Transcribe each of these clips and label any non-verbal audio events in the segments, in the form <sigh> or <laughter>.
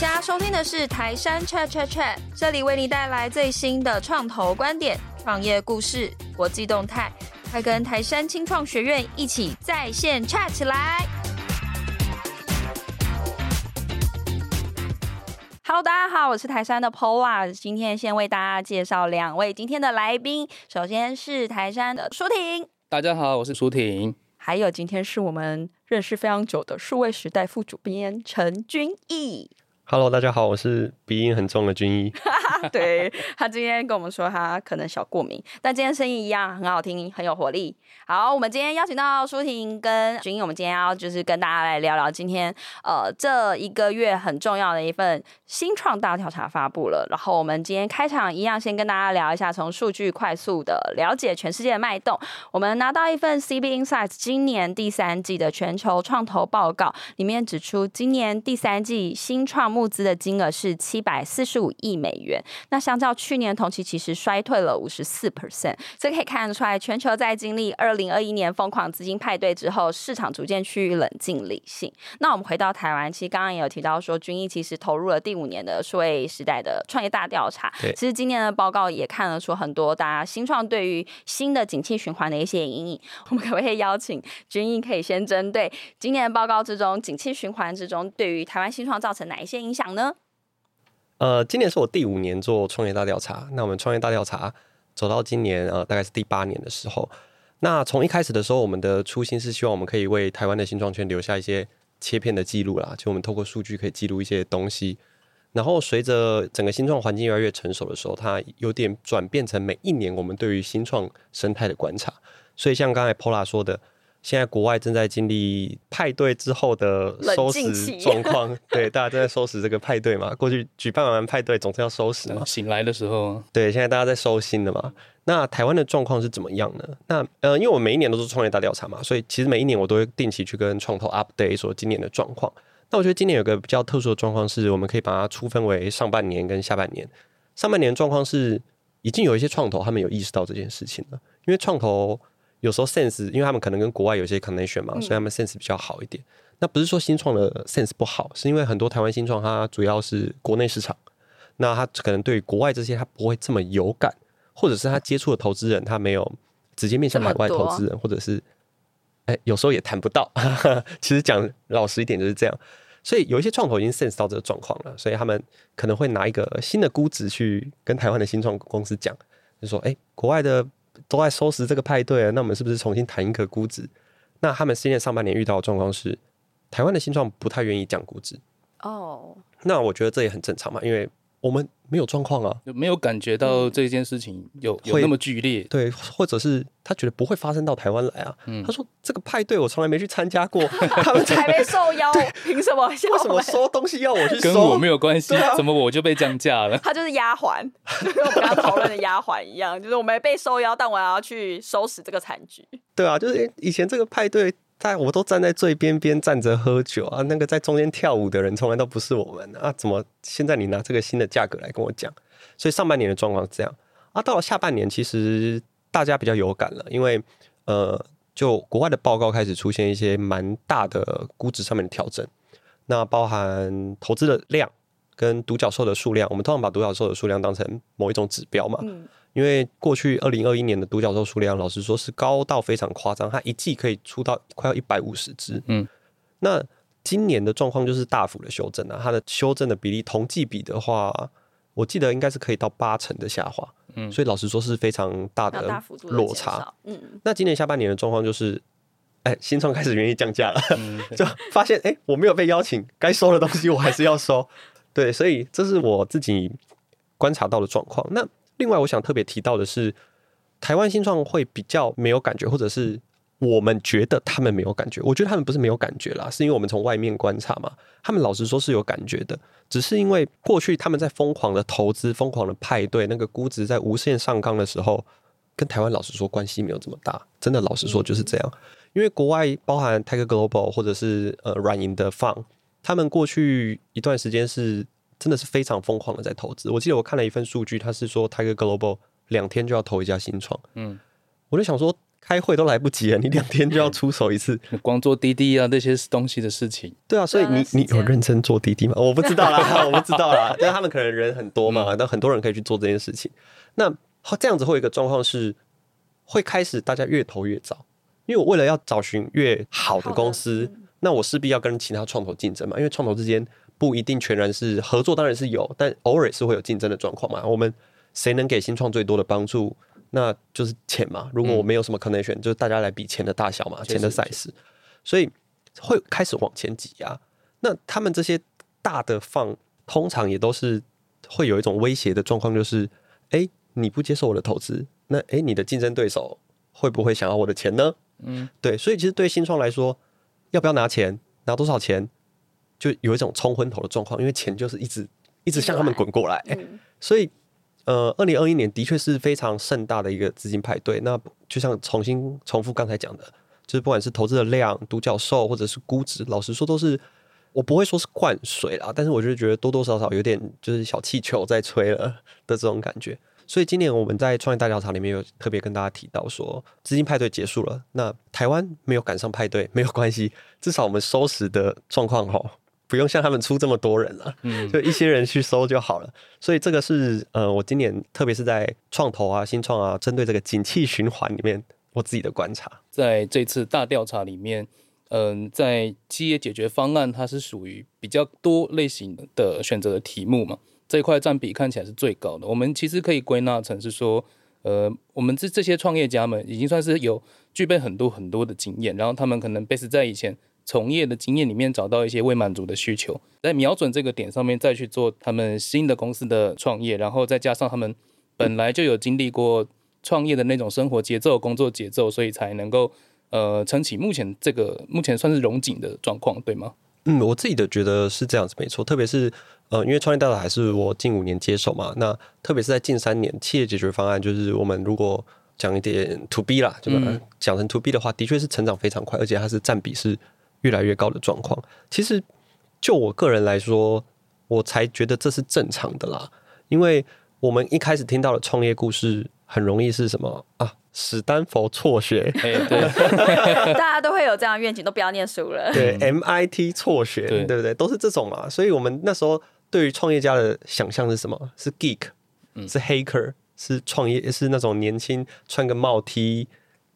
大家收聽的是台杉 Chat Chat Chat，這裡為你帶來最新的創投觀點、創業故事、國際動態，快跟台杉青創學院一起在線 Chat 起來！Hello，大家好，我是台杉的 Paula，今天先為大家介紹兩位今天的來賓，首先是台杉的舒婷，大家好，我是舒婷，還有今天是我們認識非常久的數位時代副主編陳君毅。Hello，大家好，我是鼻音很重的君毅。 <laughs> 對，他今天跟我們說他可能小過敏， <laughs> 但今天聲音一樣很好聽，很有活力。好，我們今天邀請到舒婷跟君毅，我們今天要就是跟大家來聊聊今天呃這一個月很重要的一份新創大調查發布了。然後我們今天開場一樣，先跟大家聊一下，從數據快速的了解全世界的脈動。我們拿到一份 CB Insights 今年第三季的全球創投報告，裡面指出今年第三季新創。募資的金額是七百四十五億美元，那相較去年同期其實衰退了五十四 percent，這可以看得出來，全球在經歷二零二一年瘋狂資金派對之後，市場逐漸趨於冷靜理性。那我們回到台灣，其實剛剛也有提到說，君毅其實投入了第五年的數位時代的創業大調查。對，其實今年的報告也看得出很多大家新創對於新的景氣循環的一些陰影。我們可不可以邀請君毅可以先針對今年的報告之中景氣循環之中，對於台灣新創造成哪一些影影響呢？呃，今年是我第五年做創業大調查，那我們創業大調查走到今年，呃，大概是第八年的時候。那從一開始的時候，我們的初心是希望我們可以為台灣的新創圈留下一些切片的記錄啦，就我們透過數據可以記錄一些東西。然後隨着整個新創環境越來越成熟的時候，它有點轉變成每一年我們對於新創生態的觀察。所以像剛才 Pola 說的。現在國外正在經歷派對之後的收拾狀況，對，大家正在收拾這個派對嘛，過去舉辦完派對總是要收拾嘛，醒來的時候。對，現在大家在收心的嘛。那台灣的狀況是怎麼樣呢？那呃，因為我每一年都是創業大調查嘛，所以其實每一年我都會定期去跟創投 update，說今年的狀況。那我覺得今年有個比較特殊的狀況是，我們可以把它粗分為上半年跟下半年。上半年的狀況是已經有一些創投他們有意識到這件事情了，因為創投。有時候 sense，因為他們可能跟國外有些 connection 嘛，所以他們 sense 比較好一點。嗯、那不是說新創的 sense 不好，是因為很多台灣新創它主要是國內市場，那他可能對國外這些他不會這麼有感，或者是他接觸的投資人他沒有直接面向海外投資人，或者是，哎、欸，有時候也談不到。呵呵，其實講老實一點就是這樣，所以有一些創投已經 sense 到這個狀況了，所以他們可能會拿一個新的估值去跟台灣的新創公司講，就是、說哎、欸，國外的。都在收拾這個派對，那我們是不是重新談一個估值？那他們今年上半年遇到的狀況是，台灣的新創不太願意講估值哦。Oh. 那我覺得這也很正常嘛，因為。我們沒有狀況啊，沒有感覺到這件事情有、嗯、有那麼劇烈，對，或者是他覺得不會發生到台灣來啊。嗯、他說這個派對我從來沒去參加過， <laughs> 他們才被受邀， <laughs> 對憑什麼？為什麼收東西要我去收？跟我沒有關係， <laughs> 啊、怎麼我就被降價了？他就是丫鬟，就跟我們要討論的丫鬟一樣， <laughs> 就是我沒被受邀，但我要去收拾這個殘局。對啊，就是以前這個派對，在，但我都站在最邊邊站着喝酒啊，那個在中間跳舞的人從來都不是我們啊，啊！怎麼現在你拿這個新的價格來跟我講？所以上半年的狀況是這樣啊，到了下半年其實大家比較有感了，因為呃，就國外的報告開始出現一些蠻大的估值上面的調整，那包含投資的量。跟獨角獸的數量，我們通常把獨角獸的數量當成某一種指標嘛。嗯、因為過去二零二一年的獨角獸數量，老實說是高到非常誇張，它一季可以出到快要一百五十隻。嗯。那今年的狀況就是大幅的修正啊，它的修正的比例同季比的話，我記得應該是可以到八成的下滑。嗯。所以老實說是非常大的落差。嗯。那今年下半年的狀況就是，哎、欸，新創開始願意降價了，嗯、 <laughs> 就發現哎、欸，我沒有被邀請，該收的東西我還是要收。 <laughs> 對，所以這是我自己觀察到的狀況。那另外，我想特別提到的是，台灣新創會比較沒有感覺，或者是我們覺得他們沒有感覺。我覺得他們不是沒有感覺啦，是因為我們從外面觀察嘛。他們老實說是有感覺的，只是因為過去他們在瘋狂的投資、瘋狂的派對，那個估值在無限上綱的時候，跟台灣老實說關係沒有這麼大。真的，老實說就是這樣。因為國外包含 Tiger Global 或者是呃軟銀的放。他們過去一段時間是真的是非常瘋狂的在投資。我記得我看了一份數據，他是說 Tiger Global 兩天就要投一家新創。嗯，我就想說開會都來不及了，你兩天就要出手一次？你光做滴滴啊那些東西的事情？對啊，所以你你有認真做滴滴嗎？我不知道啦， <laughs> 我不知道啦。 <laughs> 但他們可能人很多嘛，但很多人可以去做這件事情。那這樣子會有一個狀況是會開始大家越投越早，因為我為了要找尋越好的公司。那我勢必要跟其他創投競爭嘛，因為創投之間不一定全然是合作，當然是有，但偶爾也是會有競爭的狀況嘛。我們誰能給新創最多的幫助，那就是錢嘛。如果我沒有什麼 connection，、嗯、就是大家來比錢的大小嘛，確實，錢的 size，所以會開始往前擠壓、啊。那他們這些大的放，通常也都是會有一種威脅的狀況，就是哎，你不接受我的投資，那哎，你的競爭對手會不會想要我的錢呢？嗯，對，所以其實對新創來說。要不要拿錢？拿多少錢？就有一種沖昏頭的狀況，因為錢就是一直一直向他們滾過來。嗯、所以，呃，二零二一年的確是非常盛大的一個資金派對。那就像重新重複剛才講的，就是不管是投資的量、獨角獸，或者是估值，老實說都是我不會說是灌水啦，但是我就覺得多多少少有點就是小氣球在吹了的這種感覺。所以今年我們在創業大調查裡面有特別跟大家提到說，資金派對結束了，那台灣沒有趕上派對沒有關係，至少我們收拾的狀況齁，不用像他們出這麼多人了，嗯，就一些人去收就好了。所以這個是呃，我今年特別是在創投啊、新創啊，針對這個景氣循環裡面，我自己的觀察，在這次大調查裡面，嗯、呃，在企業解決方案它是屬於比較多類型的選擇的題目嘛。這一塊佔比看起來是最高的。我們其實可以歸納成是說，呃，我們這這些創業家們已經算是有具備很多很多的經驗，然後他們可能 base 在以前從業的經驗裡面找到一些未滿足的需求，在瞄準這個點上面再去做他們新的公司的創業，然後再加上他們本來就有經歷過創業的那種生活節奏、工作節奏，所以才能夠呃撐起目前這個目前算是融緊的狀況，對嗎？嗯，我自己的覺得是這樣子沒錯，特別是。呃，因為創業大調查還是我近五年接手嘛，那特別是在近三年，企業解決方案就是我們如果講一點 to B 啦，嗯、就是講成 to B 的話，的確是成長非常快，而且它是占比是越來越高的狀況。其實就我個人來說，我才覺得這是正常的啦，因為我們一開始聽到的創業故事，很容易是什麼啊，史丹佛輟學、欸，對， <laughs> 大家都會有這樣願景，都不要念書了，對，MIT 輟學，對,對不對？都是這種嘛，所以我們那時候。對於創業家的想象是什麼？是 geek，是 Hacker，嗯、是創業，是那種年輕穿個帽 T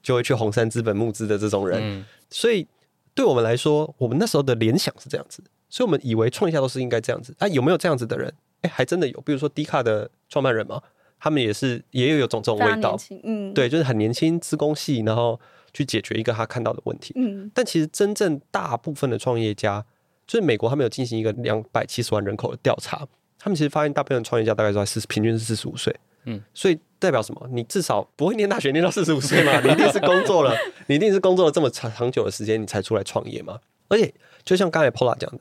就會去紅杉資本募資的這種人。嗯、所以對我們來說，我們那時候的聯想是這樣子，所以我們以為創業家都是應該這樣子。哎、啊，有沒有這樣子的人？哎、欸，還真的有，比如說 Dcard 的創辦人嘛，他們也是也有有種這種味道，嗯，對，就是很年輕，資工系，然後去解決一個他看到的問題。嗯，但其實真正大部分的創業家。就是美國，他們有進行一個兩百七十萬人口的調查，他們其實發現大部分創業家大概在四，平均是四十五歲。嗯，所以代表什麼？你至少不會念大學念到四十五歲嘛？你一定是工作了，你一定是工作了這麼長長久的時間，你才出來創業嘛？而且就像剛才 Pola 講的，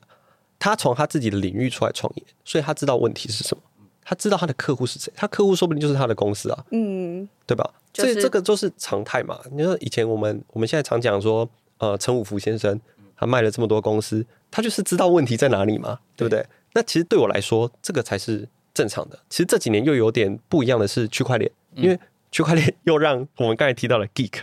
他從他自己的領域出來創業，所以他知道問題是什麼，他知道他的客戶是誰，他客戶說不定就是他的公司啊，嗯，對吧？所以這個就是常態嘛。你說以前我們我們現在常講說，呃，陳五福先生他賣了這麼多公司。他就是知道問題在哪裡嘛，對不對？對 那其實對我來說，這個才是正常的。其實這幾年又有點不一樣的是區塊鏈，因為區塊鏈又讓我們剛才提到了 geek，、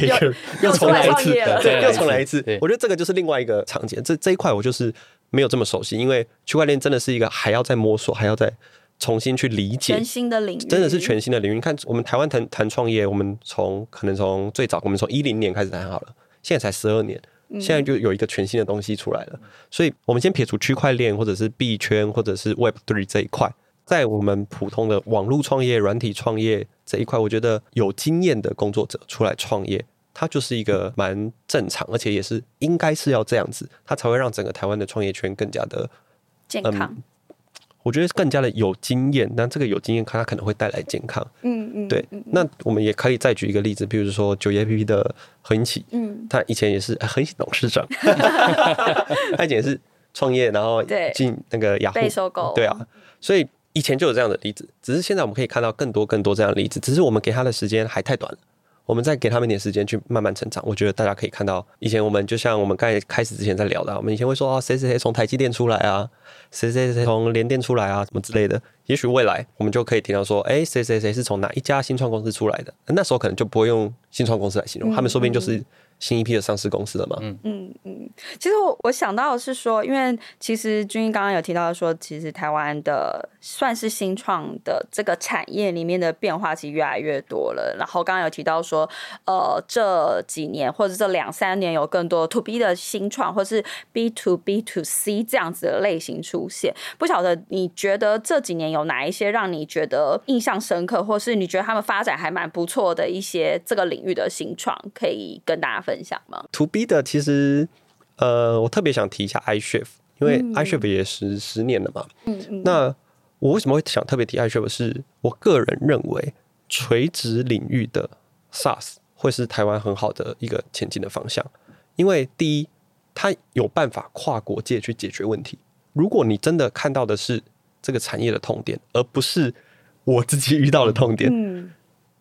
嗯、 <laughs> 又又重來一次，對，又重來一次。我覺得這個就是另外一個場景。這這一塊我就是沒有這麼熟悉，因為區塊鏈真的是一個還要再摸索，還要再重新去理解全新的領域，真的是全新的領域。你看，我們台灣談談創業，我們從可能從最早，我們從一零年開始談好了，現在才十二年。現在就有一個全新的東西出來了，所以我們先撇除區塊鏈或者是幣圈或者是 Web Three 這一塊，在我們普通的網絡創業、軟體創業這一塊，我覺得有經驗的工作者出來創業，他就是一個蠻正常，而且也是應該是要這樣子，他才會讓整個台灣的創業圈更加的、嗯、健康。我覺得是更加的有經驗，那這個有經驗它可能會帶來健康，嗯嗯，對。嗯、那我們也可以再舉一個例子，比如說91 A P P 的何英圻，嗯，他以前也是興奇董事長，他 <laughs> <laughs> 以前是創業，然後進那個雅虎、ah，被收購，對啊。所以以前就有這樣的例子，只是現在我們可以看到更多更多這樣的例子，只是我們給他的時間還太短了。我們再給他們一點時間去慢慢成長，我覺得大家可以看到，以前我們就像我們剛開始之前在聊的，我們以前會說啊，誰誰誰從台積電出來啊，誰誰誰從聯電出來啊，什麼之類的。也許未來我們就可以聽到說，哎，誰誰誰是從哪一家新創公司出來的，那時候可能就不會用新創公司來形容，他們說不定就是。新一批的上市公司了嗎？嗯嗯嗯，其實我我想到的是說，因為其實君剛剛有提到說，其實台灣的算是新創的這個產業裡面的變化其實越來越多了。然後剛剛有提到說，呃，這幾年或者這兩三年有更多 to B 的新創，或是 B to B to C 這樣子的類型出現。不曉得你覺得這幾年有哪一些讓你覺得印象深刻，或是你覺得他們發展還蠻不錯的一些這個領域的新創，可以跟大家分享。分享嗎？To B 的其實，呃，我特別想提一下 iShift，因為 iShift 也十十年了嘛。嗯，嗯，那我為什麼會想特別提 iShift？是我個人認為，垂直領域的 SaaS 會是台灣很好的一個前進的方向。因為第一，它有辦法跨國界去解決問題。如果你真的看到的是這個產業的痛點，而不是我自己遇到的痛點，嗯，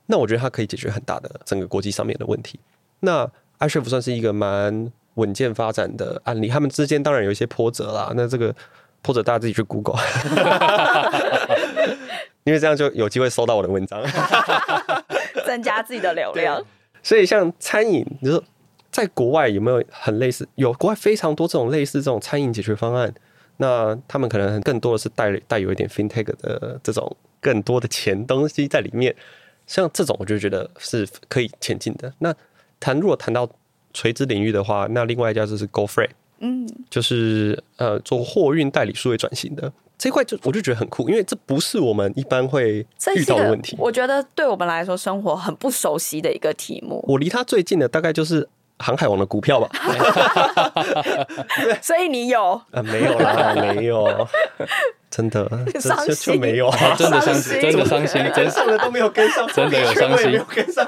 那我覺得它可以解決很大的整個國際上面的問題。那 Airship 算是一個蠻穩健發展的案例，他們之間當然有一些波折啦。那這個波折大家自己去 Google， <laughs> <laughs> 因為這樣就有機會搜到我的文章， <laughs> 增加自己的流量。所以像餐飲，你說在國外有沒有很類似？有國外非常多這種類似這種餐飲解決方案，那他們可能更多的是帶帶有一點 FinTech 的這種更多的錢東西在裡面。像這種我就覺得是可以前進的。那談，如果談到垂直領域的話，那另外一家就是 GoFreight 嗯，就是呃做貨運代理數位轉型的這塊，就我就覺得很酷，因為這不是我們一般會遇到的問題，我覺得對我們來說生活很不熟悉的一個題目。我離他最近的大概就是航海王的股票吧， <laughs> <laughs> <laughs> 所以你有啊、呃，沒有啦，沒有。 <laughs> 真的，真心就，就沒有啊！啊真的傷心，真的傷心，啊，真、哎、的都沒有跟上，啊、真的有傷心，真的，真的，有跟上。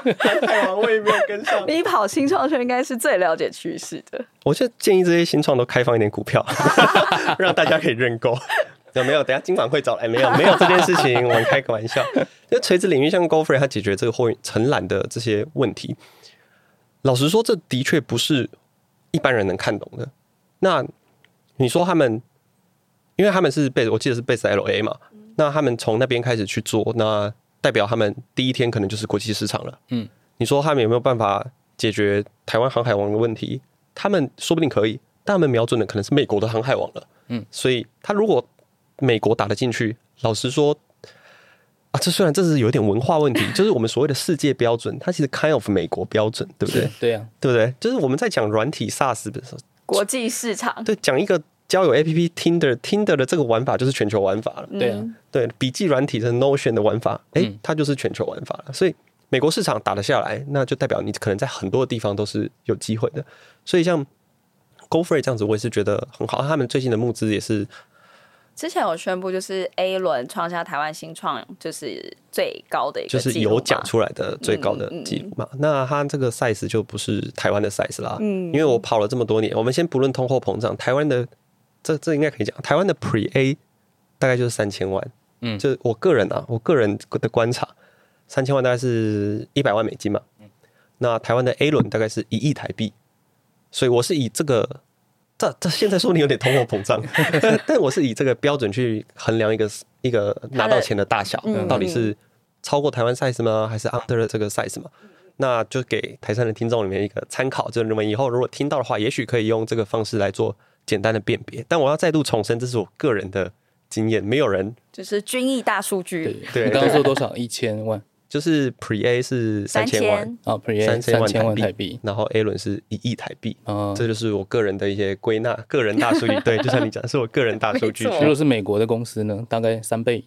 跟上 <laughs> 你跑新創圈，應該是最了解趨勢的。我就建議這些新創都開放一點股票， <laughs> 讓大家可以認購。 <laughs> 有沒有？等下金管會找？哎，沒有，沒有這件事情，我們開個玩笑。因為垂直領域像 GoFreight，它解決這個貨運承攬的這些問題。老實說，這的確不是一般人能看懂的。那你說他們？因為他們是 base，我記得是 base LA 嘛，那他們從那邊開始去做，那代表他們第一天可能就是國際市場了。嗯，你說他們有沒有辦法解決台灣航海王的問題？他們說不定可以，但他們瞄準的可能是美國的航海王了。嗯，所以他如果美國打得進去，老實說，啊，這雖然這是有一點文化問題，就是我們所謂的世界標準， <laughs> 它其實 kind of 美國標準，對不對？對啊，對不對？就是我們在講軟體 SaaS 的時候，國際市場，對，講一個。交友 A P P Tinder Tinder 的這個玩法就是全球玩法了，嗯、對啊，對筆記軟體的 Notion 的玩法，哎、欸，它就是全球玩法了。嗯、所以美國市場打得下來，那就代表你可能在很多地方都是有機會的。所以像 GoFreight 這樣子，我也是覺得很好。他們最近的募資也是之前有宣布，就是 A 輪創下台灣新創就是最高的一個，就是有講出來的最高的紀錄嘛。嗯嗯、那它這個 size 就不是台灣的 size 啦，嗯、因為我跑了這麼多年，我們先不論通貨膨脹，台灣的。這這應該可以講，台灣的 Pre A 大概就是三千萬，嗯，就我個人啊，我個人的觀察，三千萬大概是一百萬美金嘛，嗯，那台灣的 A 輪大概是一億台幣，所以我是以這個，這這現在說你有點通貨膨脹， <laughs> 但我是以這個標準去衡量一個一個拿到錢的大小，到底是超過台灣 size 嗎，還是 under 這個 size 嘛？那就給台杉的聽眾裡面一個參考，就你們以後如果聽到的話，也許可以用這個方式來做簡單的辨別，但我要再度重申，這是我個人的經驗，沒有人就是君毅大數據。對，對，你剛剛說多少？對一千萬，就是 Pre A 是三千萬啊 Pre A 三千萬台幣，台幣然後 A 輪是一億台幣。啊、哦，這就是我個人的一些歸納，個人大數據。對，就像你講的，是我個人大數據。 <laughs> 錯如果是美國的公司呢，大概三倍，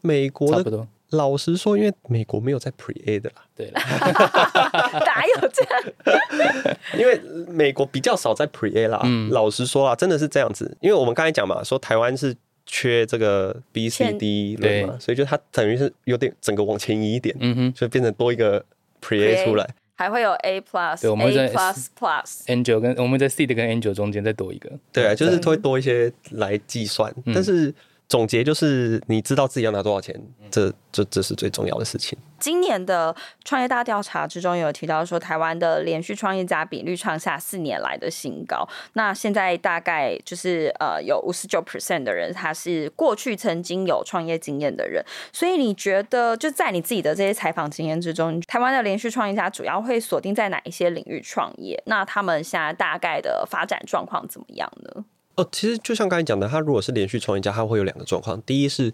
美國差不多。美國的老實說，因為美國沒有在 Pre A 的啦，對啦，哪 <laughs> 有這樣？ <laughs> 因為美國比較少在 Pre A 啦。嗯、老實說啊，真的是這樣子。因為我們剛才講嘛，說台灣是缺這個 B C D 對嘛，所以就它等於是有點整個往前移一點，嗯哼，所以變成多一個 Pre A 出來，還會有 A Plus，我們在 Plus Plus Angel 跟我們在 C 的跟 Angel 中間再多一個，對，就是會多一些來計算，但是。總結就是，你知道自己要拿多少錢，這這這是最重要的事情。今年的創業大調查之中，有提到說，台灣的連續創業家比率創下四年來的新高。那現在大概就是呃，有五十九 percent 的人，他是過去曾經有創業經驗的人。所以你覺得，就在你自己的這些採訪經驗之中，台灣的連續創業家主要會鎖定在哪一些領域創業？那他們現在大概的發展狀況怎麼樣呢？哦，其實就像剛才講的，他如果是連續創業家，他會有兩個狀況：第一是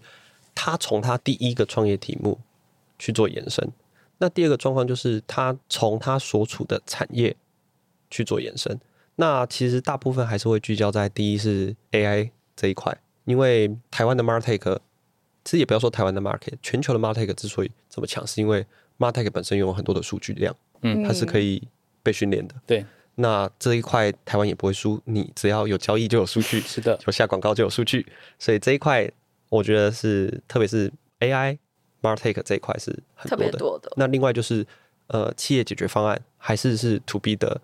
他從他第一個創業題目去做延伸；那第二個狀況就是他從他所處的產業去做延伸。那其實大部分還是會聚焦在第一是 AI 這一塊，因為台灣的 market 其實也不要說台灣的 market，全球的 market 之所以這麼強，是因為 market 本身擁有很多的數據量，嗯，它是可以被訓練的，嗯、對。那這一塊台灣也不會輸，你只要有交易就有數據，是的，有下廣告就有數據，所以這一塊我覺得是，特別是 AI Martech 這一塊是特別多的。多的。那另外就是呃企業解決方案，還是是 To B 的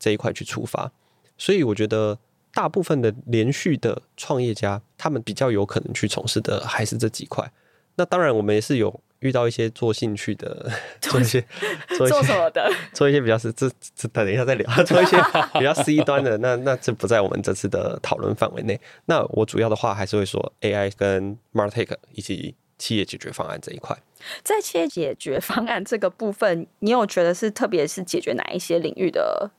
這一塊去出發。所以我覺得大部分的連續的創業家，他們比較有可能去從事的還是這幾塊。那當然我們也是有。遇到一些做興趣的，做，做一些，做一些做什麼的，做一些比較是這這，等一下再聊，做一些比較 C 端的， <laughs> 那那這不在我們這次的討論範圍內。那我主要的話還是會說 AI 跟 MarTech 以及企業解決方案這一塊。在企業解決方案這個部分，你有覺得是特別是解決哪一些領域的，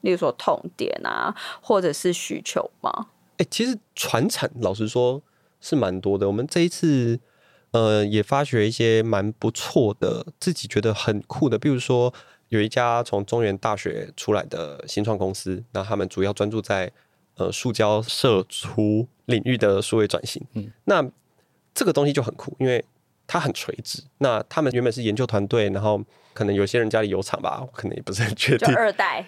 例如說痛點啊，或者是需求嗎？哎、欸，其實傳承老實說是蠻多的。我們這一次。呃，也發掘一些蠻不錯的，自己覺得很酷的。比如說，有一家從中原大學出來的新創公司，那他們主要專注在呃塑膠射出領域的數位轉型。嗯，那這個東西就很酷，因為它很垂直。那他們原本是研究團隊，然後可能有些人家裡有廠吧，我可能也不是很確定。就二代，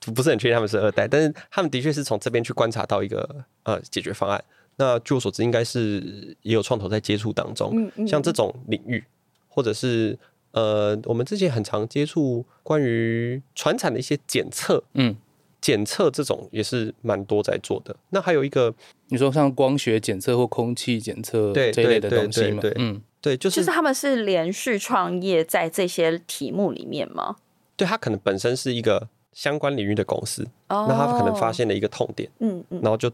<laughs> 不是很確定他們是二代，但是他們的確是從這邊去觀察到一個呃解決方案。那據我所知，應該是也有創投在接觸當中，像這種領域，或者是呃，我們之前很常接觸關於傳產的一些檢測，嗯，檢測這種也是蠻多在做的。那還有一個，嗯、你說像光學檢測或空氣檢測這類的東西嗎？對對對對嗯，對，就是就是他們是連續創業在這些題目裡面嗎？對他可能本身是一個相關領域的公司，那他可能發現了一個痛點，嗯嗯，然後就。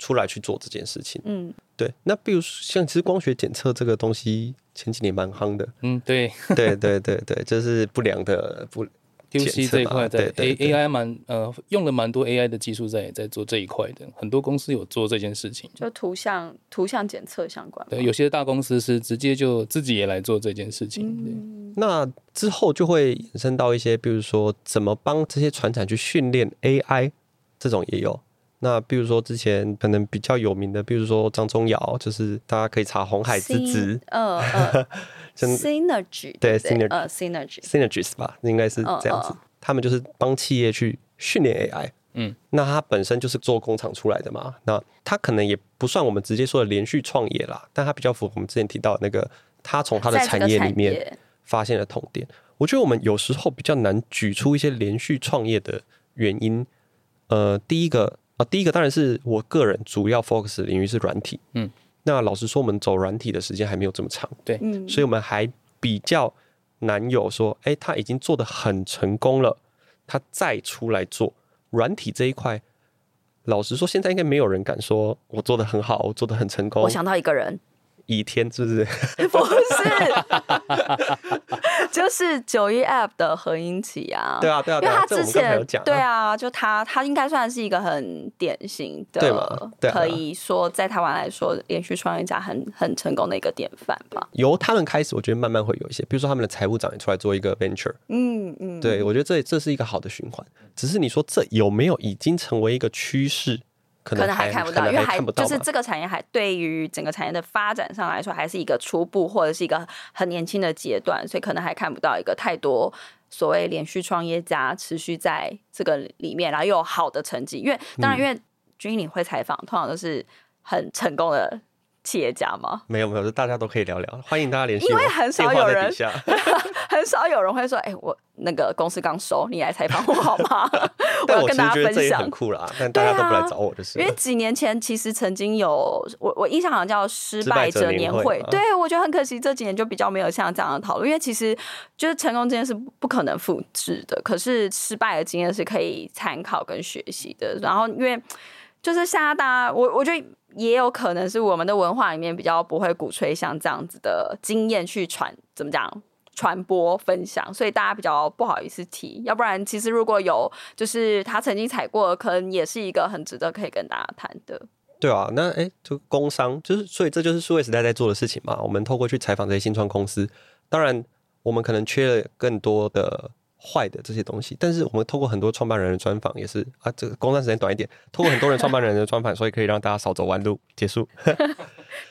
出來去做這件事情，嗯，對。那比如說，像其實光學檢測這個東西前幾年蠻夯的，嗯，對，對對對對，這、就是不良的不 Q <laughs> C 這一塊的 A A I 蠻呃用了蠻多 A I 的技術在在做這一塊的，很多公司有做這件事情，就圖像圖像檢測相關。對，有些大公司是直接就自己也來做這件事情。嗯、對那之後就會延伸到一些，比如說怎麼幫這些船廠去訓練 A I，這種也有。那比如說之前可能比較有名的，比如說張宗堯，就是大家可以查鴻海之子，嗯嗯，Synergy 對、uh, Synergy Synergy Synergies 吧，應該是這樣子。Oh, uh. 他們就是幫企業去訓練 AI，嗯，那他本身就是做工廠出來的嘛，那他可能也不算我們直接說的連續創業啦，但他比較符合我們之前提到的那個，他從他的產業裡面發現了痛點。我覺得我們有時候比較難舉出一些連續創業的原因，呃，第一個。啊，第一個當然是我個人主要 focus 的領域是軟體，嗯，那老實說我們走軟體的時間還沒有這麼長，對，所以我們還比較難有說，哎、欸，他已經做得很成功了，他再出來做軟體這一塊，老實說現在應該沒有人敢說我做得很好，我做得很成功。我想到一個人。倚天是不是？ <laughs> 不是， <laughs> 就是九一 App 的何英圻啊。對啊，對，啊對啊，對啊，因為他之前講，對啊，啊就他他應該算是一個很典型的，對對啊對啊，可以說在台灣來說，連續創業家很很成功的一個典範吧。由他們開始，我覺得慢慢會有一些，比如說他們的財務長也出來做一個 venture。嗯嗯，對，我覺得這這是一個好的循環。只是你說這有沒有已經成為一個趨勢？可能，可能還看不到，因為還，還就是這個產業還對於整個產業的發展上來說，還是一個初步或者是一個很年輕的階段，所以可能還看不到一個太多所謂連續創業家持續在這個裡面然後又有好的成績。因為、嗯、當然，因為君毅會採訪，通常都是很成功的。企業家嗎？沒有沒有，是大家都可以聊聊，歡迎大家聯繫。因為很少有人， <laughs> <laughs> 很少有人會說：“哎、欸，我那個公司剛收，你來採訪我好嗎？” <laughs> <laughs> 我要跟大家分享，我覺得這很酷啦，但大家都不來找我，就是、啊、因為幾年前其實曾經有我，我印象好像叫失敗者年會，對，我覺得很可惜，這幾年就比較沒有像這樣的討論。因為其實就是成功經驗是不可能複製的，可是失敗的經驗是可以參考跟學習的。然後因為就是下大家，我，我覺得。也有可能是我們的文化裡面比較不會鼓吹像這樣子的經驗去傳，怎麼講，傳播分享，所以大家比較不好意思提。要不然，其實如果有就是他曾經踩過的坑，可能也是一個很值得可以跟大家談的。對啊，那哎、欸，就工商就是，所以這就是數位時代在做的事情嘛。我們透過去採訪這些新創公司，當然我們可能缺了更多的。壞的這些東西，但是我們透過很多創辦人的專訪，也是啊，這個工作時間短一點，透過很多人創辦人的專訪， <laughs> 所以可以讓大家少走彎路。結束。 <laughs> <laughs>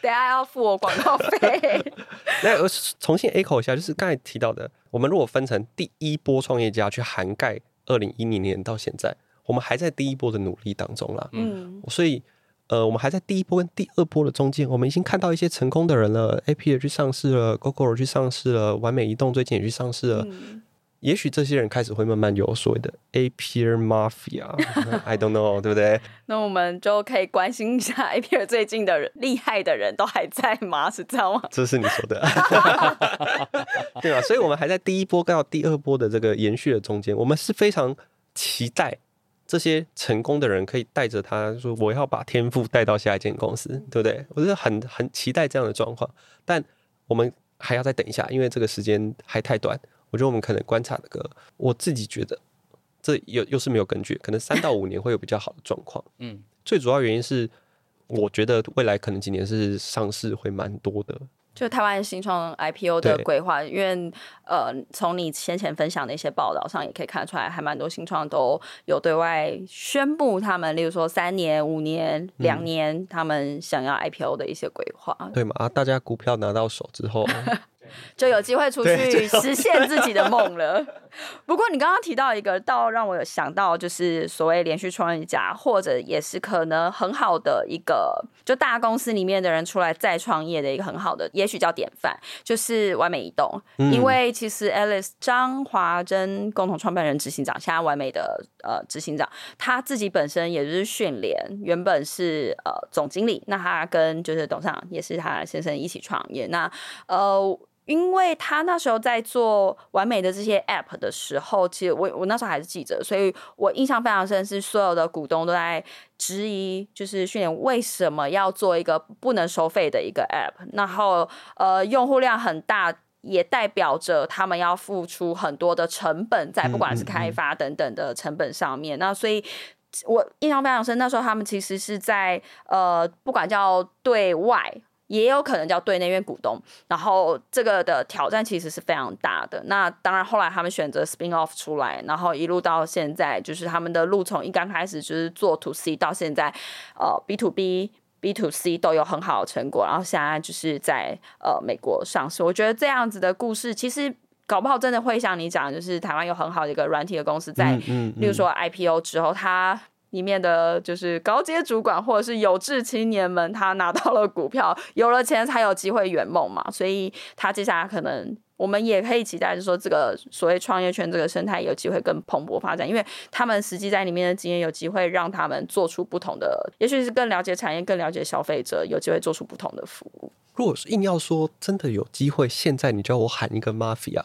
等下要付我廣告費。 <laughs> 那我重新 echo 一下，就是剛才提到的，我們如果分成第一波創業家去涵蓋二零一零年到現在，我們還在第一波的努力當中啦。嗯，所以呃，我們還在第一波跟第二波的中間，我們已經看到一些成功的人了，Appier 也去上市了，Gogoro 去上市了，玩美移動最近也去上市了。嗯也許這些人開始會慢慢有所謂的 Appier Mafia，I <laughs> don't know， <laughs> 對不對？那我們就可以關心一下 Appier 最近的厲害的人都還在嗎？是這樣嗎？這是你說的， <laughs> <laughs> 對吧？所以，我們還在第一波到第二波的這個延續的中間，我們是非常期待這些成功的人可以帶着他說：“就是、我要把天賦帶到下一間公司”，對不對？我是很很期待這樣的狀況，但我們還要再等一下，因為這個時間還太短。我覺得我們可能觀察的個，我自己覺得這又又是沒有根據，可能三到五年會有比較好的狀況。 <laughs> 嗯，最主要原因是，我覺得未來可能今年是上市會蠻多的。就台灣新創 IPO 的規劃，對因為呃，從你先前分享的一些報道上，也可以看出來，還蠻多新創都有對外宣布他們，例如說三年、五年、兩年，嗯、他們想要 IPO 的一些規劃。對嘛？啊，大家股票拿到手之後、啊。 <laughs> 就有機會出去實現自己的夢了。不過你剛剛提到一個，倒讓我想到，就是所謂連續創業家，或者也是可能很好的一個，就大公司裡面的人出來再創業的一個很好的，也許叫典範，就是玩美移動。因為其實 Alice 張華禎共同創辦人、執行長，現在玩美的呃執行長，他自己本身也就是訊連，原本是呃總經理。那他跟就是董事長，也是他先生一起創業。那呃。因為他那時候在做玩美的這些 app 的時候，其實我我那時候還是記者，所以我印象非常深是所有的股東都在質疑，就是去年為什麼要做一個不能收費的一個 app，然後呃用戶量很大，也代表着他們要付出很多的成本在不管是開發等等的成本上面。嗯嗯嗯那所以我印象非常深，那時候他們其實是在呃不管叫對外。也有可能叫對那邊股東，然後這個的挑戰其實是非常大的。那當然後來他們選擇 spin off 出來，然後一路到現在，就是他們的路從一剛開始就是做 to C 到現在，呃，B to B、B to C 都有很好的成果，然後現在就是在呃美國上市。我覺得這樣子的故事其實搞不好真的會像你講，就是台灣有很好的一個軟體的公司在，嗯嗯嗯、例如說 IPO 之後它。裡面的就是高階主管或者是有志青年們，他拿到了股票，有了錢才有機會圓夢嘛。所以他接下來可能，我們也可以期待，就是說這個所謂創業圈這個生態有機會更蓬勃發展，因為他們實際在裡面的經驗，有機會讓他們做出不同的，也許是更了解產業、更了解消費者，有機會做出不同的服務。如果是硬要說真的有機會，現在你叫我喊一個 mafia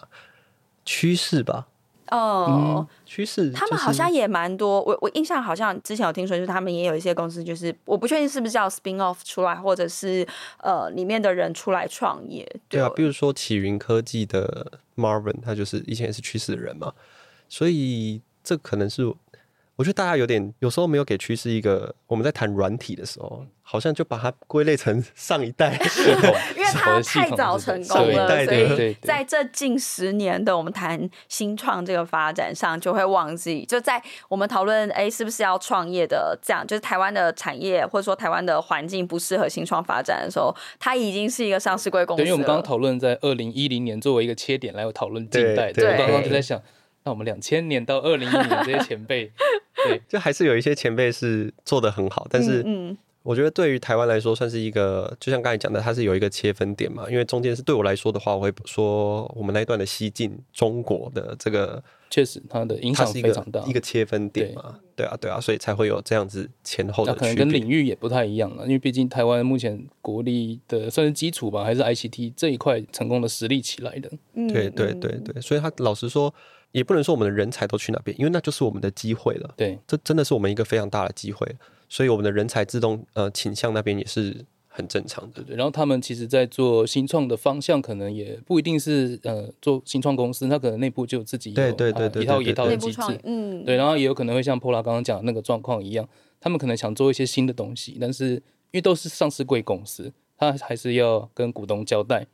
趨勢吧。哦，趨勢，他們好像也蠻多。我我印象好像之前有聽說，就是他們也有一些公司，就是我不確定是不是叫 spin off 出來，或者是呃裡面的人出來創業。對，對啊，比如說啟雲科技的 Marvin，他就是以前也是趨勢的人嘛，所以這可能是。我覺得大家有點有時候沒有給趨勢一個，我們在談軟體的時候，好像就把它歸類成上一代， <laughs> 因為它太早成功了，對所以在這近十年的我們談新創這個發展上，就會忘記。就在我們討論哎，是不是要創業的這樣，就是台灣的產業或者說台灣的環境不適合新創發展的時候，它已經是一個上市櫃公司。因為我們剛剛討論在二零一零年作為一個切點來討論近代，對，我剛剛就在想。那我們兩千年到二零年這些前輩，對， <laughs> 就還是有一些前輩是做得很好，但是，嗯，我覺得對於台灣來說，算是一個，就像剛才講的，它是有一個切分點嘛，因為中間是對我來說的話，我會說我們那一段的西進中國的這個，確實它的影響非常大，一個切分點嘛，對，對啊，對啊，所以才會有這樣子前後的。的、啊、可能跟領域也不太一樣了，因為畢竟台灣目前國力的算是基礎吧，還是 ICT 這一塊成功的實力起來的，嗯，嗯，對對對對，所以他老實說。也不能說我們的人才都去那邊，因為那就是我們的機會了。對，這真的是我們一個非常大的機會，所以我們的人才自動呃傾向那邊也是很正常的。然後他們其實，在做新創的方向，可能也不一定是呃做新創公司，那可能內部就有自己有對一套一套的機制。嗯，對，然後也有可能會像 Pola 剛剛講的那個狀況一樣，他們可能想做一些新的東西，但是因為都是上市貴公司，他還是要跟股東交代。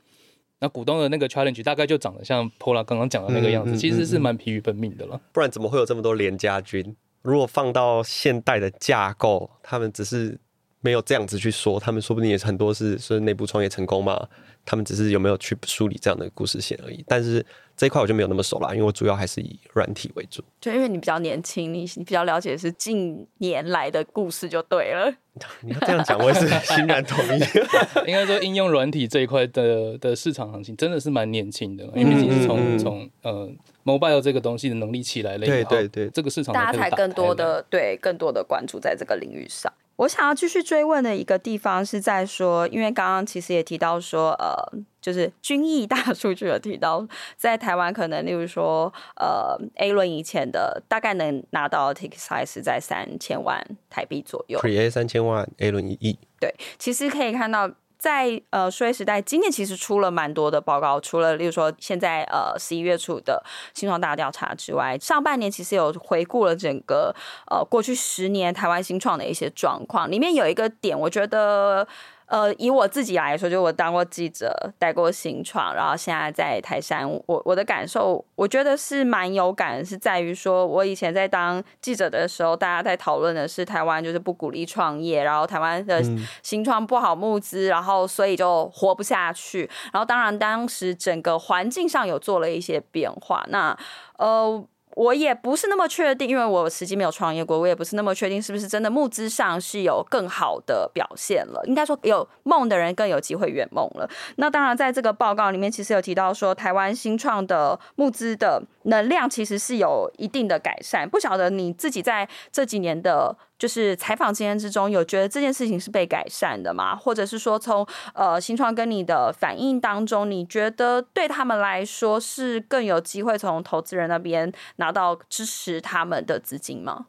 那股東的那個 challenge 大概就長得像 Pola 剛剛講的那個樣子，嗯嗯嗯嗯，其實是蠻疲於奔命的了。不然怎麼會有這麼多聯家軍？如果放到現代的架構，他們只是沒有這樣子去說，他們說不定也是很多是是內部創業成功嘛，他們只是有沒有去梳理這樣的故事線而已。但是這一塊我就沒有那麼熟啦，因為我主要還是以軟體為主。就因為你比較年輕，你你比較了解的是近年來的故事就對了。你要這樣講，我也是欣然同意。 <laughs> 應該說，應用軟體這一塊的的市場行情真的是蠻年輕的，因為畢竟是從從、嗯嗯嗯、呃，mobile 這個東西的能力起來了以後，對對對，這個市場大家才更多的對更多的關注在這個領域上。我想要繼續追問的一個地方是在說，因為剛剛其實也提到說，呃，就是軍易大數據有提到，在台灣可能，例如說，呃，A 輪以前的大概能拿到的 ticket size 在三千萬台幣左右。Pre A 三千萬，A 輪一億。對，其實可以看到。 <laughs> 在呃，數位時代，今年其實出了蠻多的報告，除了例如說現在呃十一月初的新創大調查之外，上半年其實有回顧了整個呃過去十年台灣新創的一些狀況，裡面有一個點，我覺得。呃，以我自己來說，就我當過記者，待過新創，然後現在在台杉，我我的感受，我覺得是蠻有感，是在於說，我以前在當記者的時候，大家在討論的是台灣就是不鼓勵創業，然後台灣的新創不好募資，然後所以就活不下去。然後當然當時整個環境上有做了一些變化，那呃。我也不是那麼確定，因為我實際沒有創業過，我也不是那麼確定是不是真的募資上是有更好的表現了。應該說，有夢的人更有機會圓夢了。那當然，在這個報告裡面，其實有提到說，台灣新創的募資的能量其實是有一定的改善。不曉得你自己在這幾年的。就是採訪經驗之中，有覺得這件事情是被改善的嗎？或者是說，從呃新創跟你的反應當中，你覺得對他們來說是更有機會從投資人那邊拿到支持他們的資金嗎？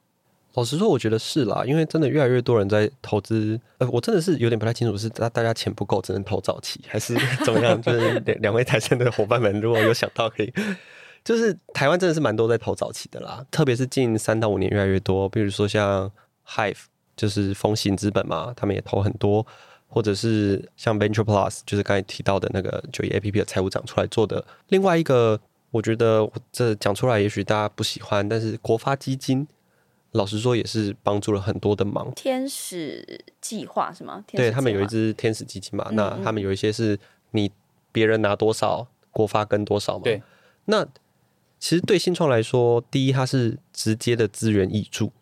老實說，我覺得是啦，因為真的越來越多人在投資。呃，我真的是有點不太清楚，是大大家錢不夠，只能投早期，還是怎麼樣？就是兩 <laughs> 兩位台上的夥伴們，如果有想到可以，就是台灣真的是蠻多在投早期的啦，特別是近三到五年越來越多，比如說像。Hive 就是風行資本嘛，他們也投很多，或者是像 Venture Plus，就是剛才提到的那個九一 A P P 的財務長出來做的。另外一個，我覺得這講出來也許大家不喜歡，但是國發基金，老實說也是幫助了很多的忙。天使計劃是嗎？對，他們有一支天使基金嘛，嗯嗯，那他們有一些是你別人拿多少，國發跟多少嘛。對，那其實對新創來說，第一它是直接的資源挹注。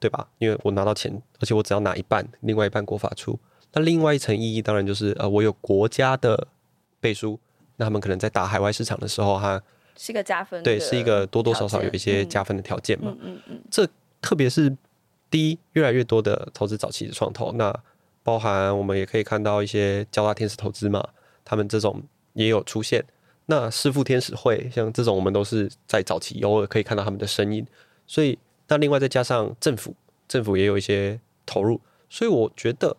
對吧？因為我拿到錢，而且我只要拿一半，另外一半國法出。那另外一層意義當然就是，呃，我有國家的背書，那他們可能在打海外市場的時候，哈，是一個加分的條件，對，是一個多多少少有一些加分的條件嘛。嗯嗯，嗯，嗯，這特別是第一，越來越多的投資早期的創投，那包含我們也可以看到一些交大天使投資嘛，他們這種也有出現。那識富天使會像這種，我們都是在早期偶爾可以看到他們的身影，所以。那另外再加上政府，政府也有一些投入，所以我覺得，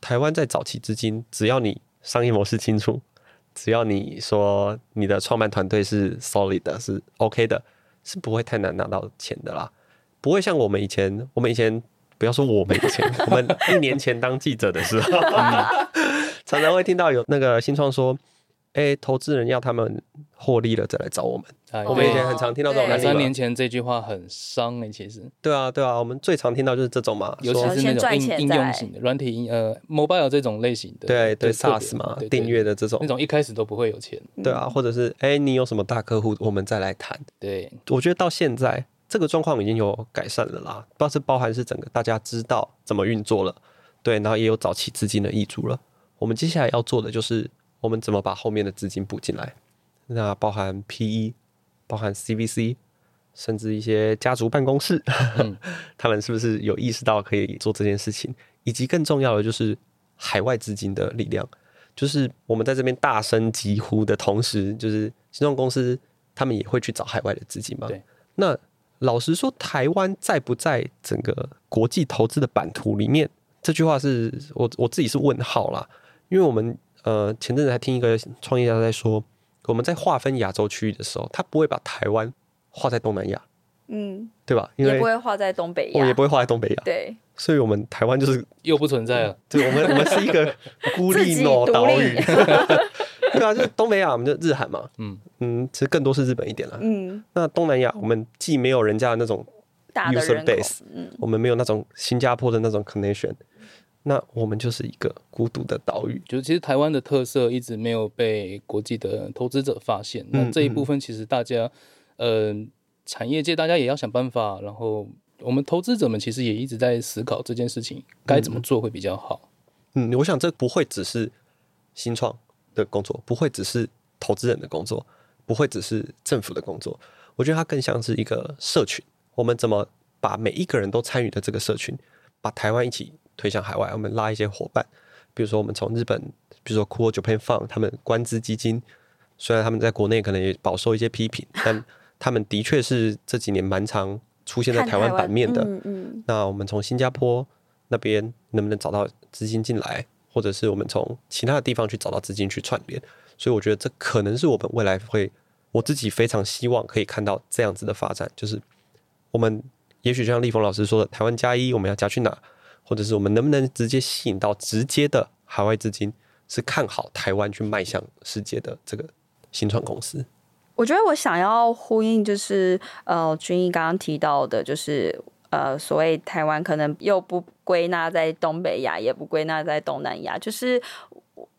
台灣在早期資金，只要你商業模式清楚，只要你說你的創辦團隊是 solid 是 OK 的，是不會太難拿到錢的啦，不會像我們以前，我們以前不要說我們以前， <laughs> 我們一年前當記者的時候， <laughs> <laughs> 常常會聽到有那個新創說。哎、欸，投資人要他們獲利了再來找我們。啊、我們以前很常聽到這種。三年前這句話很傷，其實。對啊，對啊，我們最常聽到就是這種嘛，尤其是那種應應用型的，軟體應呃 mobile 這種類型的，對對，對對 SaaS 嘛，訂閱的這種，那種一開始都不會有錢。對啊、嗯，或者是哎、欸，你有什麼大客戶，我們再來談。對，我覺得到現在這個狀況已經有改善了啦，不知道是包含是整個大家知道怎麼運作了，對，然後也有早期資金的挹注了。我們接下來要做的就是。我們怎麼把後面的資金補進來？那包含 PE，包含 CVC，甚至一些家族辦公室，嗯、他們是不是有意識到可以做這件事情？以及更重要的就是海外資金的力量，就是我們在這邊大聲疾呼的同時，就是新創公司他們也會去找海外的資金嗎？對那老實說，台灣在不在整個國際投資的版圖裡面？這句話是我我自己是問號啦，因為我們。呃，前陣子還聽一個創業家在說，我們在劃分亞洲區域的時候，他不會把台灣劃在東南亞，嗯，對吧？因為也、嗯？也不會劃在東北亞，也不會劃在東北亞，對，所以我們台灣就是又不存在了，啊，對，嗯，我們我們是一個孤立的島嶼， <laughs> 獨 <laughs> <laughs> 對啊，就是東北亞，我們就日韓嘛，嗯嗯，其實更多是日本一點了，嗯，那東南亞我們既沒有人家的那種 user base，、嗯、我們沒有那種新加坡的那種 connection。那我們就是一個孤獨的島嶼，就是其實台灣的特色一直沒有被國際的投資者發現。嗯、那這一部分其實大家，嗯、呃，產業界大家也要想辦法，然後我們投資者們其實也一直在思考這件事情該怎麼做會比較好。嗯，我想這不會只是新創的工作，不會只是投資人的工作，不會只是政府的工作。我覺得它更像是一個社群，我們怎麼把每一個人都參與的這個社群，把台灣一起推向海外，我們拉一些夥伴，比如說我們從日本，比如說 Cool Japan Fund，他們官資基金，雖然他們在國內可能也飽受一些批評， <laughs> 但他們的確是這幾年蠻常出現在台灣版面的。嗯嗯，那我們從新加坡那邊能不能找到資金進來，或者是我們從其他的地方去找到資金去串聯？所以我覺得這可能是我們未來會，我自己非常希望可以看到這樣子的發展，就是我們也許就像立峰老師說的“台灣加一”，我們要加去哪？或者是我們能不能直接吸引到直接的海外資金？是看好台灣去邁向世界的這個新創公司？我覺得我想要呼應，就是呃，君毅剛剛提到的，就是呃，所謂台灣可能又不歸納在東北亞，也不歸納在東南亞。就是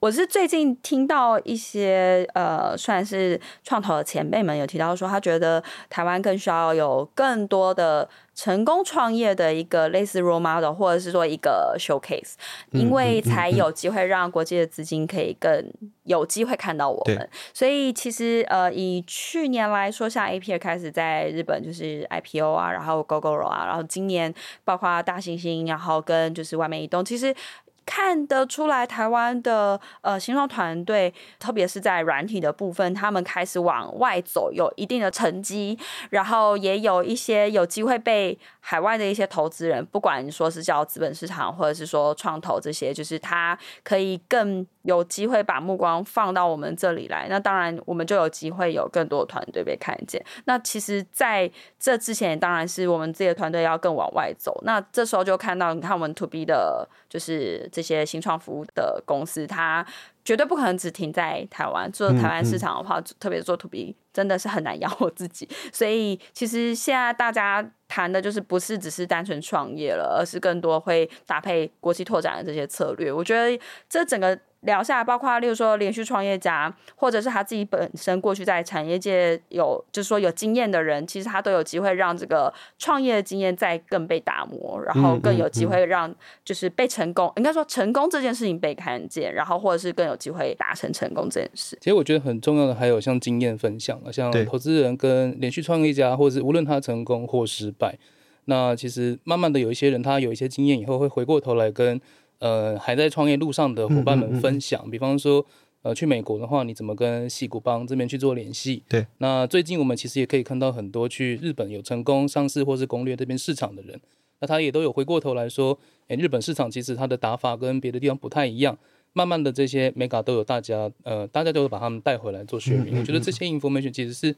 我是最近聽到一些呃，算是創投的前輩們有提到說，他覺得台灣更需要有更多的。成功創業的一個類似 role model，或者是說一個 showcase，因為才有機會讓國際的資金可以更有機會看到我們。對所以其實呃，以去年來說，像 Appier 開始在日本就是 IPO 啊，然後 Gogoro 啊，然後今年包括大猩猩，然後跟就是玩美移動，其實。看得出來，台灣的呃，新創團隊，特別是在軟體的部分，他們開始往外走，有一定的成績，然後也有一些有機會被。海外的一些投資人，不管說是叫資本市場，或者是說創投這些，就是他可以更有機會把目光放到我們這裡來。那當然，我們就有機會有更多的團隊被看見。那其實在這之前，當然是我們自己的團隊要更往外走。那這時候就看到，你看我們 to B 的，就是這些新創服務的公司，它絕對不可能只停在台灣。做台灣市場的話特、嗯，特別做 to B。真的是很難養活自己，所以其實現在大家談的就是不是只是單純創業了，而是更多會搭配國際拓展的這些策略。我覺得這整個。聊下，包括例如說連續創業家，或者是他自己本身過去在產業界有，就是說有經驗的人，其實他都有機會讓這個創業的經驗再更被打磨，然後更有機會讓就是被成功，嗯嗯嗯，應該說成功這件事情被看見，然後或者是更有機會達成成功這件事。其實我覺得很重要的還有像經驗分享了，像投資人跟連續創業家，或者是無論他成功或失敗，那其實慢慢的有一些人他有一些經驗以後會回過頭來跟。呃，還在創業路上的伙伴們分享，嗯嗯嗯、比方說，呃，去美國的話，你怎麼跟矽谷幫這邊去做聯繫？對，那最近我們其實也可以看到很多去日本有成功上市或是攻略這邊市場的人，那他也都有回過頭來說，欸、日本市場其實它的打法跟別的地方不太一樣。慢慢的，這些 mega 都有大家，呃，大家就會把他們帶回來做學習。嗯」嗯嗯、我覺得這些 information 其實是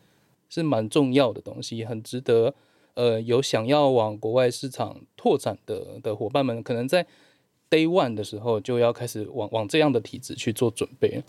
是蠻重要的東西，很值得，呃，有想要往國外市場拓展的的伙伴們，可能在。Day One 的時候就要開始往往這樣的體質去做準備。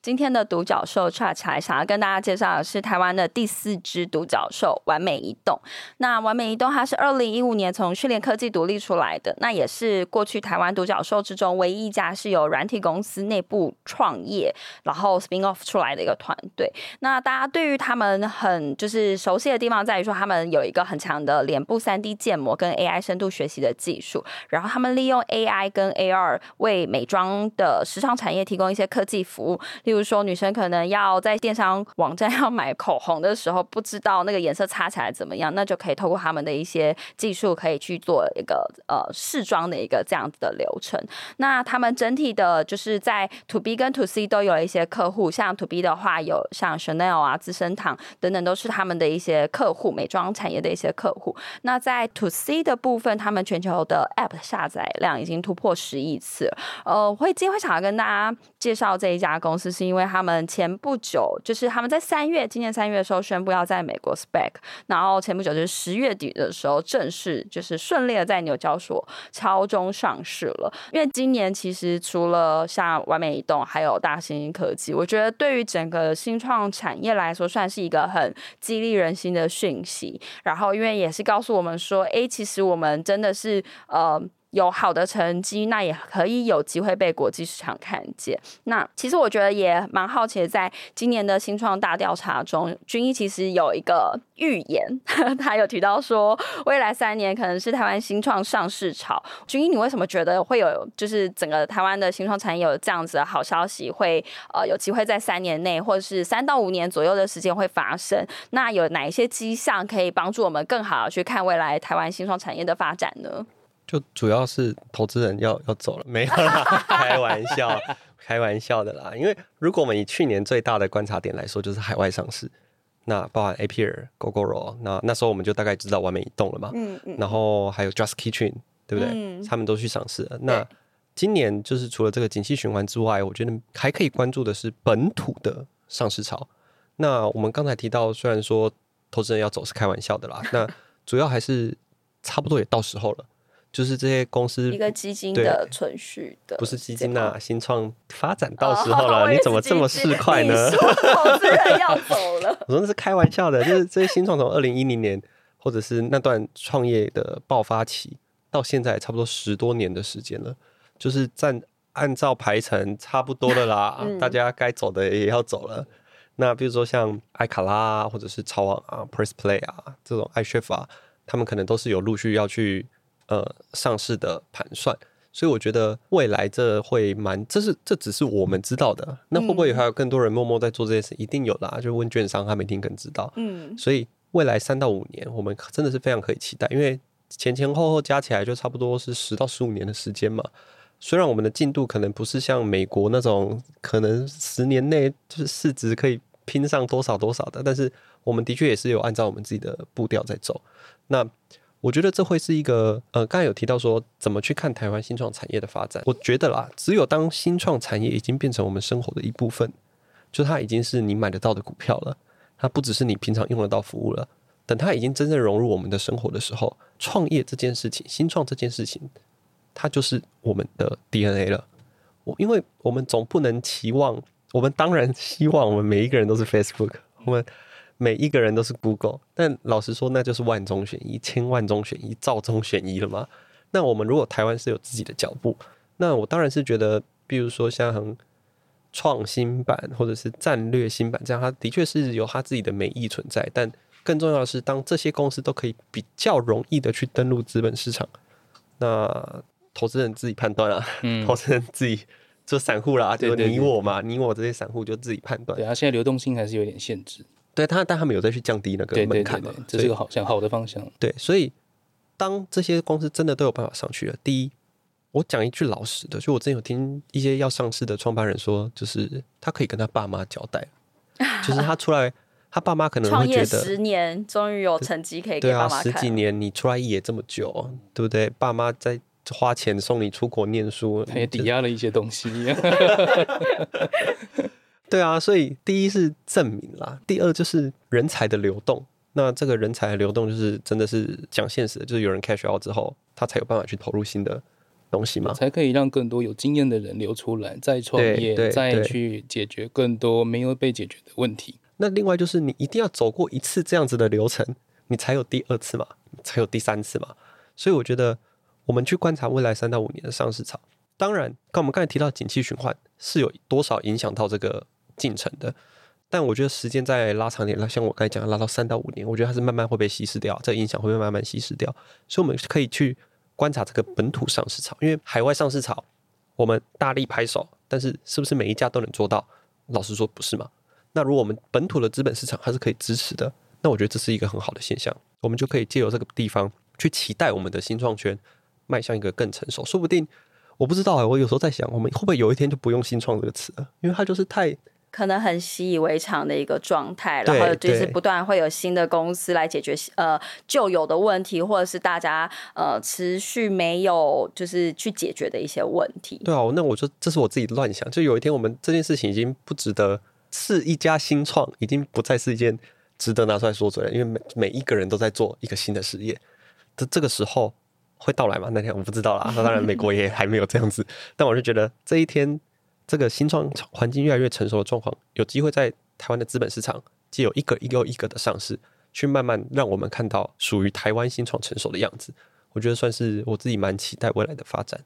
今天的獨角獸 Chat 起來，恰恰想要跟大家介紹的是台灣的第四隻獨角獸——玩美移動。那玩美移動它是二零一五年從訊連科技獨立出來的，那也是過去台灣獨角獸之中唯一一家是由軟體公司內部創業，然後 spin off 出來的一個團隊。那大家對於他們很就是熟悉的地方，在於說他們有一個很強的臉部三 D 建模跟 AI 深度學習的技術，然後他們利用 AI 跟 AR 為美妝的時尚產業提供一些科技服務，例如。就是說，女生可能要在電商網站要買口紅的時候，不知道那個顏色擦起來怎麼樣，那就可以透過他們的一些技術，可以去做一個呃試妝的一個這樣子的流程。那他們整體的，就是在 To B 跟 To C 都有了一些客戶。像 To B 的話，有像 Chanel 啊、資生堂等等，都是他們的一些客戶，美妝產業的一些客戶。那在 To C 的部分，他們全球的 App 的下載量已經突破十億次。呃，我今天會想要跟大家介紹這一家公司，是因為他們前不久，就是他們在三月，今年三月的時候宣布要在美國 SPAC，然後前不久就是十月底的時候正式就是順利的在紐交所敲鐘上市了。因為今年其實除了像玩美移動，還有大猩猩科技，我覺得對於整個新創產業來說，算是一個很激勵人心的訊息。然後，因為也是告訴我們說，哎、欸，其實我們真的是呃。有好的成績，那也可以有機會被國際市場看見。那其實我覺得也蠻好奇，在今年的新創大調查中，君毅其實有一個預言呵呵，他有提到說，未來三年可能是台灣新創上市潮。君毅，你為什麼覺得會有？就是整個台灣的新創產業有這樣子的好消息，會呃有機會在三年內，或者是三到五年左右的時間會發生？那有哪一些跡象可以幫助我們更好的去看未來台灣新創產業的發展呢？就主要是投資人要要走了，沒有啦，開玩笑， <laughs> 開玩笑的啦。因為如果我們以去年最大的觀察點來說，就是海外上市，那包含 Appier、Gogoro，那那時候我們就大概知道完美移動了嘛，嗯嗯，然後還有 JustKitchen 對不對？嗯，他們都去上市了。那今年就是除了這個景氣循環之外，我覺得還可以關注的是本土的上市潮。那我們剛才提到，雖然說投資人要走是開玩笑的啦，那主要還是差不多也到時候了。就是這些公司一個基金的對存續的，不是基金吶、啊，新創發展到時候了，哦、你怎麼這麼市儈呢？要走了， <laughs> 我說那是開玩笑的，就是這些新創從二零一零年或者是那段創業的爆發期到現在差不多十多年的時間了，就是按按照排程差不多了啦， <laughs> 嗯、大家該走的也要走了。那比如說像艾卡拉或者是超網啊、Press Play 啊這種 iCHEF，他們可能都是有陸續要去，呃，上市的盤算，所以我覺得未來這會蠻，這是這只是我們知道的，那會不會還有更多人默默在做這件事？嗯，一定有啦，就問卷商他們一定更知道。嗯，所以未來三到五年，我們真的是非常可以期待，因為前前後後加起來就差不多是十到十五年的時間嘛。雖然我們的進度可能不是像美國那種，可能十年內就是市值可以拼上多少多少的，但是我們的確也是有按照我們自己的步調在走。那。我覺得這會是一個呃，剛才有提到說怎麼去看台灣新創產業的發展。我覺得啦，只有當新創產業已經變成我們生活的一部分，就它已經是你買得到的股票了，它不只是你平常用得到服務了。等它已經真正融入我們的生活的時候，創業這件事情、新創這件事情，它就是我們的 DNA 了。我因為我們總不能期望，我們當然希望我們每一個人都是 Facebook，我們。每一個人都是 Google，但老實說，那就是萬中選一、千萬中選一、造中選一了嘛。那我們如果台灣是有自己的腳步，那我當然是覺得，比如說像創新版或者是戰略新版這樣，它的確是有它自己的美意存在。但更重要的是，當這些公司都可以比較容易的去登陸資本市場，那投資人自己判斷了、啊。嗯、投資人自己做散戶啦，就你我嘛，你我這些散戶就自己判斷。對啊，現在流動性還是有點限制。對他，但他們有在去降低那個門檻嘛？這是一個好像好的方向。對，對，所以當這些公司真的都有辦法上去了，第一，我講一句老實的，就我真有聽一些要上市的創辦人說，就是他可以跟他爸媽交代，就是他出來，他爸媽可能會覺得 <laughs> 十年終於有成績可以給爸媽，對啊，十幾年你出來也這麼久，對不對？爸媽在花錢送你出國念書，他也抵押了一些東西。 <laughs> <laughs> 對啊，所以第一是證明啦。第二就是人才的流動。那這個人才的流動就是真的是講現實的，就是有人 cash out 之後，他才有辦法去投入新的東西嘛，才可以讓更多有經驗的人流出來，再創業，再去解決更多沒有被解決的問題。那另外就是你一定要走過一次這樣子的流程，你才有第二次嘛，才有第三次嘛。所以我覺得我們去觀察未來三到五年的上市潮，當然，跟我們剛才提到景氣循環是有多少影響到這個。進程的，但我覺得時間再拉長點，像我剛才講拉到三到五年，我覺得它是慢慢會被稀釋掉，這個影響會被慢慢稀釋掉。所以我們可以去觀察這個本土上市潮，因為海外上市潮我們大力拍手，但是是不是每一家都能做到？老實說不是嘛。那如果我們本土的資本市場它是可以支持的，那我覺得這是一個很好的現象。我們就可以借由這個地方去期待我們的新創圈邁向一個更成熟。說不定我不知道啊、欸，我有時候在想，我們會不會有一天就不用“新創”這個詞了，因為它就是太……可能很習以為常的一個狀態，然後就是不斷會有新的公司來解決呃舊有的問題，或者是大家呃持續沒有就是去解決的一些問題。對啊，那我就這是我自己的亂想，就有一天我們這件事情已經不值得是一家新創，已經不再是一件值得拿出來說嘴了，因為每每一個人都在做一個新的事業。這這個時候會到來嗎？那天我不知道啦。那當然，美國也還沒有這樣子， <laughs> 但我就覺得這一天。這個新創環境越來越成熟的狀況，有機會在台灣的資本市場，借由一個一個一個的上市，去慢慢讓我們看到屬於台灣新創成熟的樣子。我覺得算是我自己蠻期待未來的發展。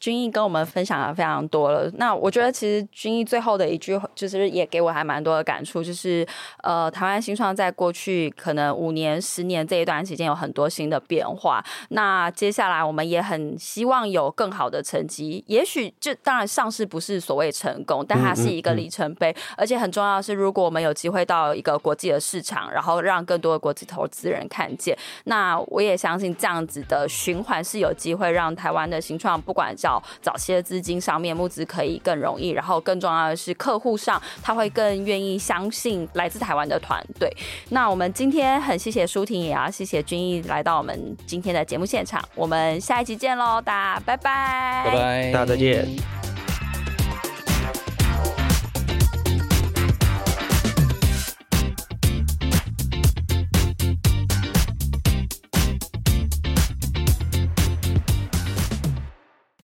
君毅跟我們分享了非常多了，那我覺得其實君毅最後的一句話，就是也給我還蠻多的感觸，就是呃，台灣新創在過去可能五年、十年這一段期間有很多新的變化，那接下來我們也很希望有更好的成績。也許就當然上市不是所謂成功，但它是一個里程碑，而且很重要的是，如果我們有機會到一個國際的市場，然後讓更多的國際投資人看見，那我也相信這樣子的循環是有機會讓台灣的新創，不管早早期的資金上面募資可以更容易，然後更重要的是客戶上，他會更願意相信來自台灣的團隊。那我們今天很謝謝舒婷，也要謝謝君毅來到我們今天的節目現場。我們下一期見嘍，大家拜拜，拜拜 bye，大家再見。